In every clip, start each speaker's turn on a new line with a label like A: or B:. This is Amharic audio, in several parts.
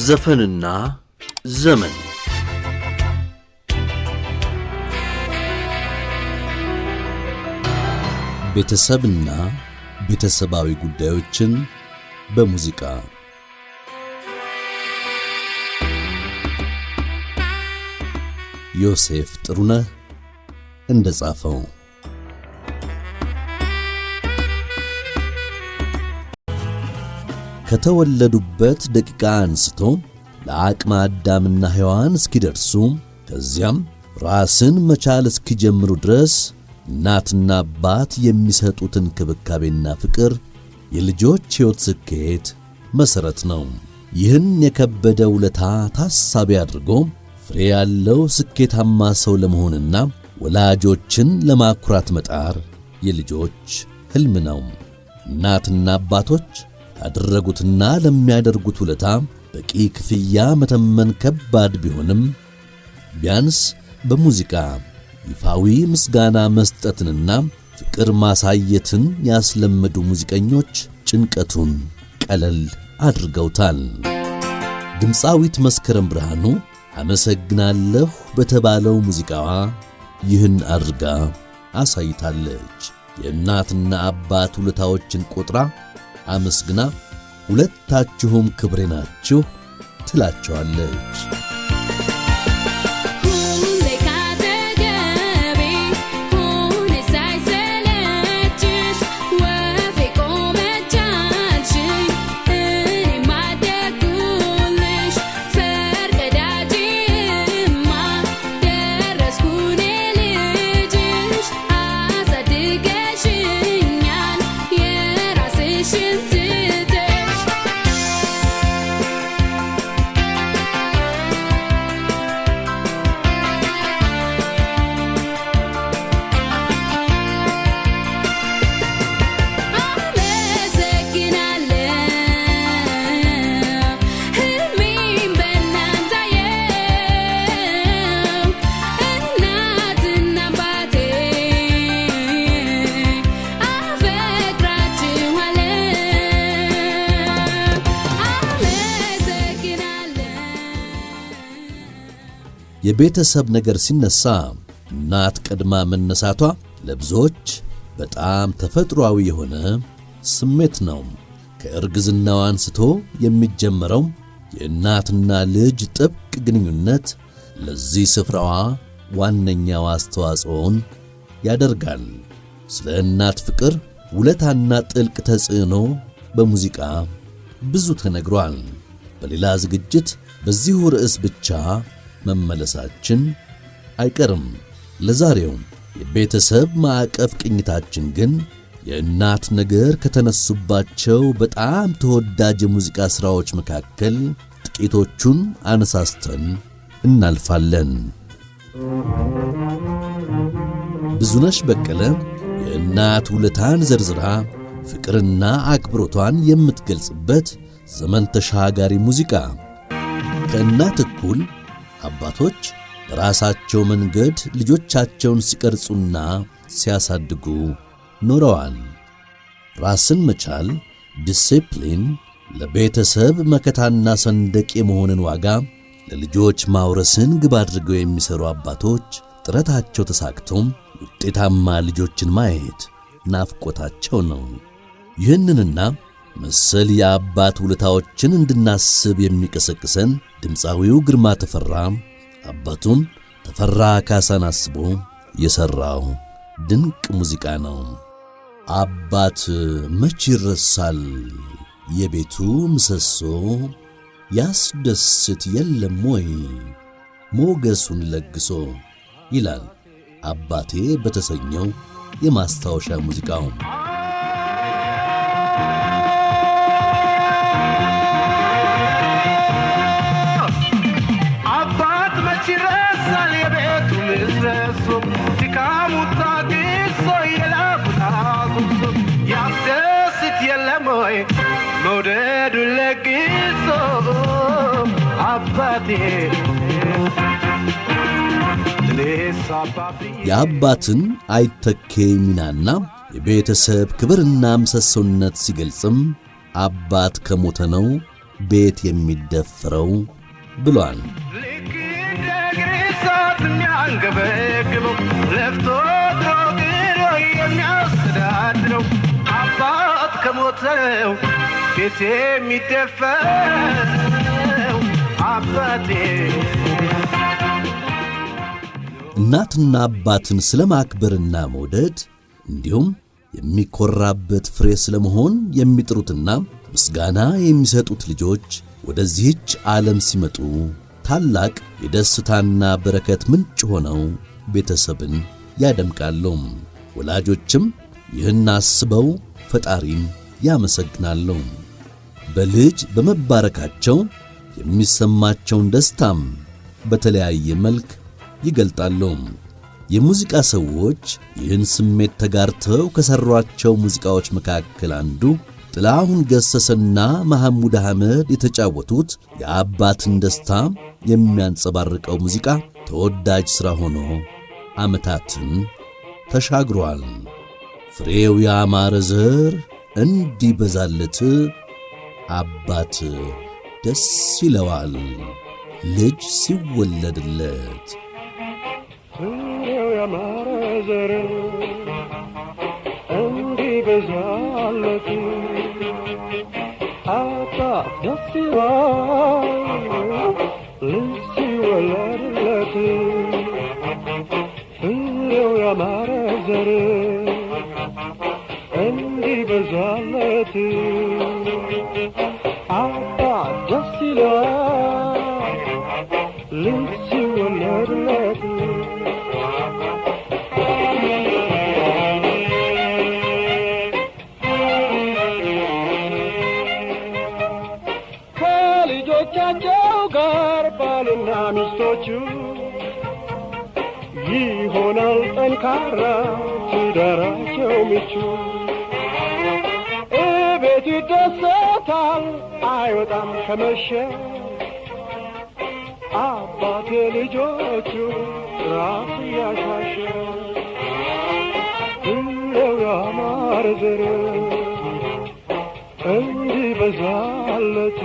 A: ዘፈንና ዘመን ቤተሰብና ቤተሰባዊ ጉዳዮችን በሙዚቃ ዮሴፍ ጥሩነህ እንደ ጻፈው ከተወለዱበት ደቂቃ አንስቶ ለአቅመ አዳምና ሔዋን እስኪደርሱ ከዚያም ራስን መቻል እስኪጀምሩ ድረስ እናትና አባት የሚሰጡትን ክብካቤና ፍቅር የልጆች ሕይወት ስኬት መሠረት ነው። ይህን የከበደ ውለታ ታሳቢ አድርጎ ፍሬ ያለው ስኬታማ ሰው ለመሆንና ወላጆችን ለማኩራት መጣር የልጆች ሕልም ነው። እናትና አባቶች ያደረጉትና ለሚያደርጉት ውለታ በቂ ክፍያ መተመን ከባድ ቢሆንም ቢያንስ በሙዚቃ ይፋዊ ምስጋና መስጠትንና ፍቅር ማሳየትን ያስለመዱ ሙዚቀኞች ጭንቀቱን ቀለል አድርገውታል። ድምፃዊት መስከረም ብርሃኑ አመሰግናለሁ በተባለው ሙዚቃዋ ይህን አድርጋ አሳይታለች። የእናትና አባት ውለታዎችን ቆጥራ አመስግና ሁለታችሁም ክብሬ ናችሁ ትላቸዋለች። የቤተሰብ ነገር ሲነሳ እናት ቀድማ መነሳቷ ለብዙዎች በጣም ተፈጥሯዊ የሆነ ስሜት ነው። ከእርግዝናው አንስቶ የሚጀመረው የእናትና ልጅ ጥብቅ ግንኙነት ለዚህ ስፍራዋ ዋነኛው አስተዋጽኦን ያደርጋል። ስለ እናት ፍቅር ውለታና ጥልቅ ተጽዕኖ በሙዚቃ ብዙ ተነግሯል። በሌላ ዝግጅት በዚሁ ርዕስ ብቻ መመለሳችን አይቀርም። ለዛሬው የቤተሰብ ማዕቀፍ ቅኝታችን ግን የእናት ነገር ከተነሱባቸው በጣም ተወዳጅ የሙዚቃ ሥራዎች መካከል ጥቂቶቹን አነሳስተን እናልፋለን። ብዙነሽ በቀለ የእናት ውለታን ዘርዝራ ፍቅርና አክብሮቷን የምትገልጽበት ዘመን ተሻጋሪ ሙዚቃ ከእናት እኩል አባቶች በራሳቸው መንገድ ልጆቻቸውን ሲቀርጹና ሲያሳድጉ ኖረዋል። ራስን መቻል ዲሲፕሊን ለቤተሰብ መከታና ሰንደቅ የመሆንን ዋጋ ለልጆች ማውረስን ግብ አድርገው የሚሰሩ አባቶች ጥረታቸው ተሳክቶም ውጤታማ ልጆችን ማየት ናፍቆታቸው ነው። ይህንንና ምስል የአባት ውለታዎችን እንድናስብ የሚቀሰቅሰን ድምፃዊው ግርማ ተፈራ አባቱን ተፈራ ካሳን አስቦ የሠራው ድንቅ ሙዚቃ ነው። አባት መች ይረሳል የቤቱ ምሰሶ ያስደስት የለም ወይ ሞገሱን ለግሶ ይላል አባቴ በተሰኘው የማስታወሻ ሙዚቃው። የአባትን አይተኬ ሚናና የቤተሰብ ክብርና ምሰሶነት ሲገልጽም አባት ከሞተ ነው ቤት የሚደፍረው ብሏል። ልክ አባት ከሞተው ቤት የሚደፈር አባቴ እናትና አባትን ስለ ማክበርና መውደድ እንዲሁም የሚኮራበት ፍሬ ስለመሆን የሚጥሩትና ምስጋና የሚሰጡት ልጆች ወደዚህች ዓለም ሲመጡ ታላቅ የደስታና በረከት ምንጭ ሆነው ቤተሰብን ያደምቃሉ። ወላጆችም ይህን አስበው ፈጣሪን ያመሰግናሉ። በልጅ በመባረካቸው የሚሰማቸውን ደስታም በተለያየ መልክ ይገልጣሉ። የሙዚቃ ሰዎች ይህን ስሜት ተጋርተው ከሠሯቸው ሙዚቃዎች መካከል አንዱ ጥላሁን ገሰሰና መሐሙድ አህመድ የተጫወቱት የአባትን ደስታ የሚያንጸባርቀው ሙዚቃ ተወዳጅ ሥራ ሆኖ ዓመታትን ተሻግሯል። ፍሬው ያማረ ዘር እንዲበዛለት አባት ደስ ይለዋል፣ ልጅ ሲወለድለት። ስንዴው ያማረ ዘር እንዲበዛለት አባት ደስ ይለዋል፣ ልጅ ሲወለድለት። ስንዴው ያማረ ዘር በዛለት አባ ደስ ይለዋል ልጅ ሲወለድ ይወጣል አይወጣም ከመሸ አባቴ ልጆቹ ራሱ ያሻሸ እንደው ያማረ ዘር እንዲበዛለት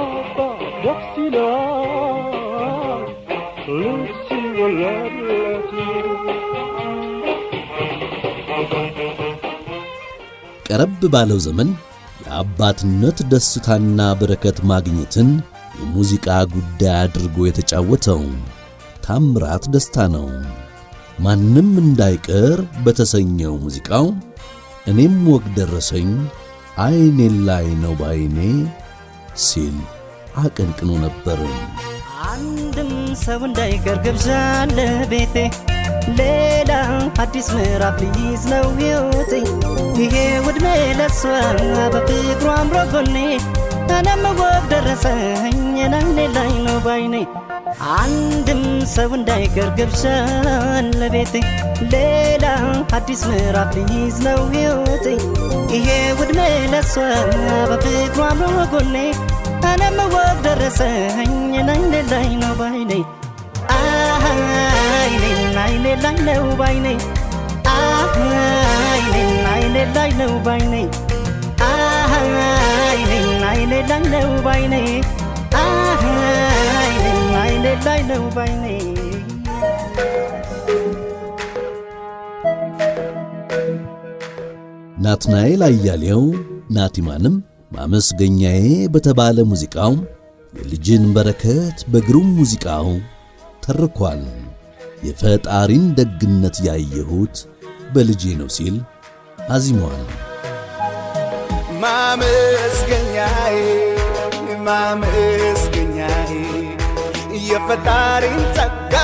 A: አባ ደስ ይላል ልጅ ሲወለድለት ቀረብ ባለው ዘመን የአባትነት ደስታና በረከት ማግኘትን የሙዚቃ ጉዳይ አድርጎ የተጫወተው ታምራት ደስታ ነው። ማንም እንዳይቀር በተሰኘው ሙዚቃው እኔም ወግ ደረሰኝ አይኔ ላይ ነው ባይኔ ሲል አቀንቅኖ ነበር። አንድም ሰው እንዳይቀር ግብዣ ለቤቴ አዲስ ምዕራፍ ሊይዝ ነው ሕይወቴ ይሄ ውድሜ ለሷ በፍቅሩ አምሮ ጎኔ እኔም ወብ ደረሰኝ የናይኔ ላይ ነው ባይኔ አንድም ሰው እንዳይቀር ገብሻን ለቤቴ ሌላ አዲስ ምዕራፍ ሊይዝ ነው ሕይወቴ ይሄ ውድሜ ለሷ በፍቅሩ አምሮ ጎኔ እኔም ወብ ደረሰኝ የናይኔ ላይ ነው ባይኔ አይኔ አይኔ ላይ ነው ባይኔ ላይ ላይ ናትናኤል አያሌው ማመስገኛዬ በተባለ ሙዚቃው የልጅን በረከት በግሩም ሙዚቃው ተርኳል። የፈጣሪን ደግነት ያየሁት በልጄ ነው ሲል አዚሟል ማመስገኛዬ ማመስገኛዬ የፈጣሪን ጸጋ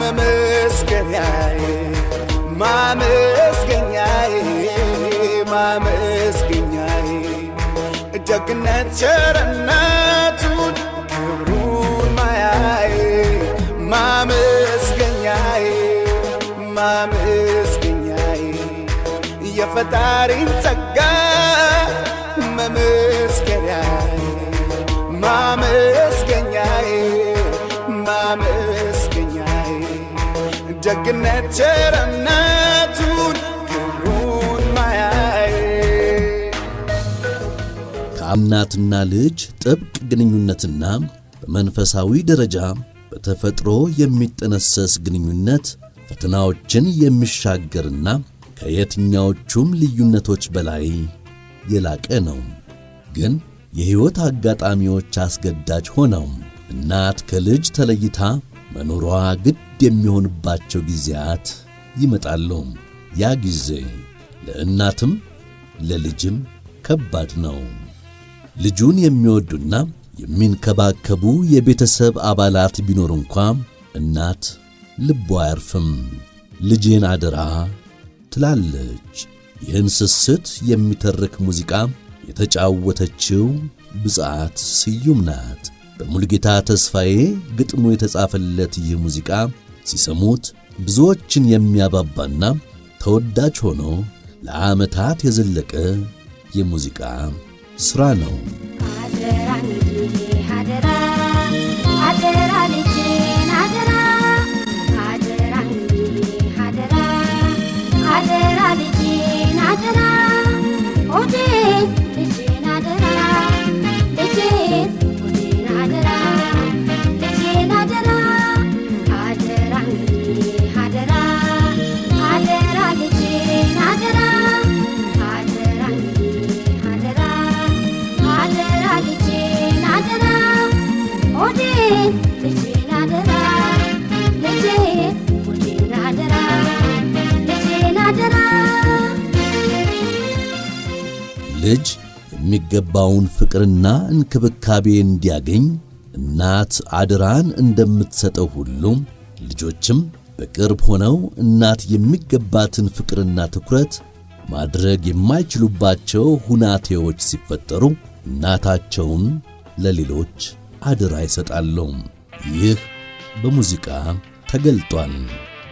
A: ማመስገኛዬ ማመስገኛዬ ማመስገኛዬ ደግነት ቸርነቱ የፈጣሪን ጸጋ መመስገኛዬ ማመስገኛዬ ማመስገኛዬ ደግነት ቸርነቱን ክብሩን ማያዬ ከአምናትና ልጅ ጥብቅ ግንኙነትና በመንፈሳዊ ደረጃ በተፈጥሮ የሚጠነሰስ ግንኙነት ፈተናዎችን የሚሻገርና ከየትኛዎቹም ልዩነቶች በላይ የላቀ ነው። ግን የሕይወት አጋጣሚዎች አስገዳጅ ሆነው እናት ከልጅ ተለይታ መኖሯ ግድ የሚሆንባቸው ጊዜያት ይመጣሉ። ያ ጊዜ ለእናትም ለልጅም ከባድ ነው። ልጁን የሚወዱና የሚንከባከቡ የቤተሰብ አባላት ቢኖር እንኳ እናት ልቧ አያርፍም። ልጄን አደራ ትላለች። ይህን ስስት የሚተርክ ሙዚቃ የተጫወተችው ብፅዓት ስዩም ናት። በሙልጌታ ተስፋዬ ግጥሙ የተጻፈለት ይህ ሙዚቃ ሲሰሙት ብዙዎችን የሚያባባና ተወዳጅ ሆኖ ለዓመታት የዘለቀ የሙዚቃ ሥራ ነው። የሚገባውን ፍቅርና እንክብካቤ እንዲያገኝ እናት አድራን እንደምትሰጠው ሁሉ ልጆችም በቅርብ ሆነው እናት የሚገባትን ፍቅርና ትኩረት ማድረግ የማይችሉባቸው ሁናቴዎች ሲፈጠሩ እናታቸውን ለሌሎች አድራ ይሰጣሉ። ይህ በሙዚቃ ተገልጧል።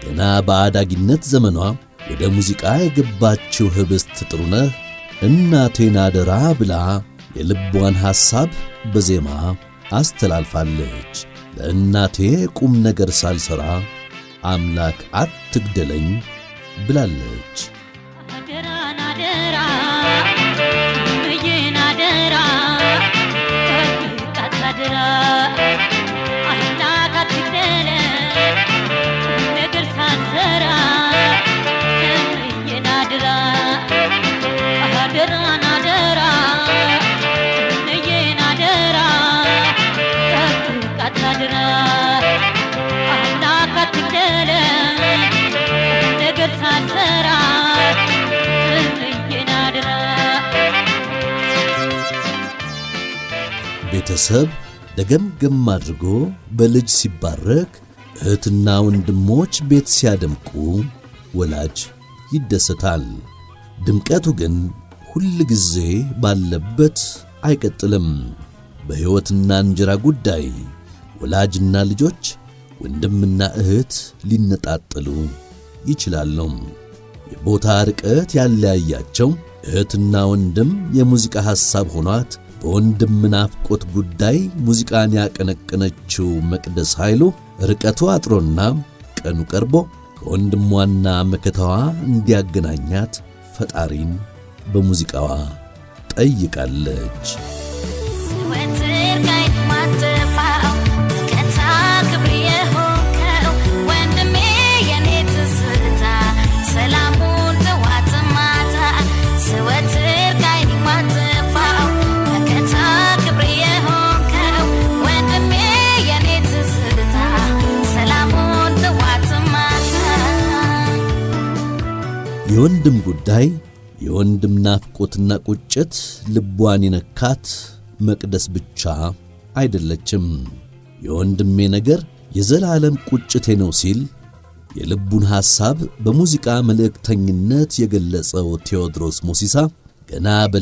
A: ገና በአዳጊነት ዘመኗ ወደ ሙዚቃ የገባችው ህብስት ጥሩነህ እናቴን አደራ ብላ የልቧን ሐሳብ በዜማ አስተላልፋለች። ለእናቴ ቁም ነገር ሳልሠራ አምላክ አትግደለኝ ብላለች። ቤተሰብ ደገምገም አድርጎ በልጅ ሲባረክ፣ እህትና ወንድሞች ቤት ሲያደምቁ ወላጅ ይደሰታል። ድምቀቱ ግን ሁል ጊዜ ባለበት አይቀጥልም። በሕይወትና እንጀራ ጉዳይ ወላጅና ልጆች፣ ወንድምና እህት ሊነጣጠሉ ይችላሉ። የቦታ ርቀት ያለያያቸው እህትና ወንድም የሙዚቃ ሐሳብ ሆኗት በወንድም ናፍቆት ጉዳይ ሙዚቃን ያቀነቀነችው መቅደስ ኃይሉ ርቀቱ አጥሮና ቀኑ ቀርቦ ከወንድሟና መከታዋ እንዲያገናኛት ፈጣሪን በሙዚቃዋ ጠይቃለች። የወንድም ጉዳይ የወንድም ናፍቆትና ቁጭት ልቧን የነካት መቅደስ ብቻ አይደለችም። የወንድሜ ነገር የዘላለም ቁጭቴ ነው ሲል የልቡን ሐሳብ በሙዚቃ መልእክተኝነት የገለጸው ቴዎድሮስ ሞሲሳ ገና